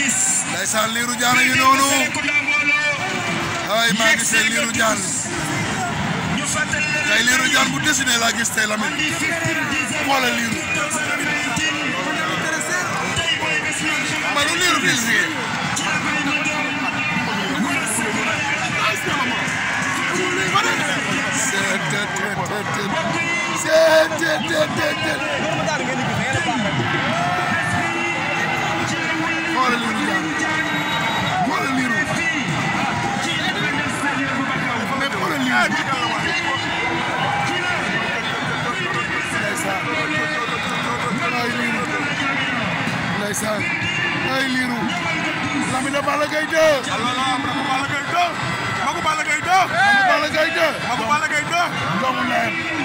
gis liiru jaan ngi noonu ay maa ngi liiru jaan tey liiru jaan bu dessiné laa gis tey Lamine xoolal liiru ma lu liiru dessiné seet seet seet seet ndeysaan ay liiru lamina Balla Gaye 2 alwala magu Balla Gaye 2 magu Balla Gaye 2 magu Balla Gaye 2 magu Balla Gaye 2 doomu ndeyam